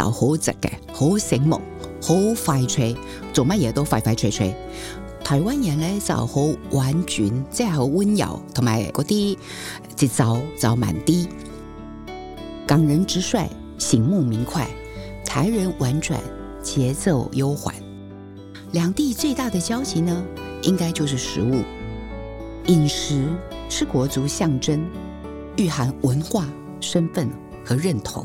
就好直嘅，好醒目，好快脆，做乜嘢都快快脆脆。台灣人咧就好婉轉，即係好溫柔，同埋嗰啲節奏就慢啲。港人直率，醒目明快；台人婉轉，節奏悠緩。兩地最大的交集呢，應該就是食物。飲食是國族象徵，蘊含文化、身份和認同。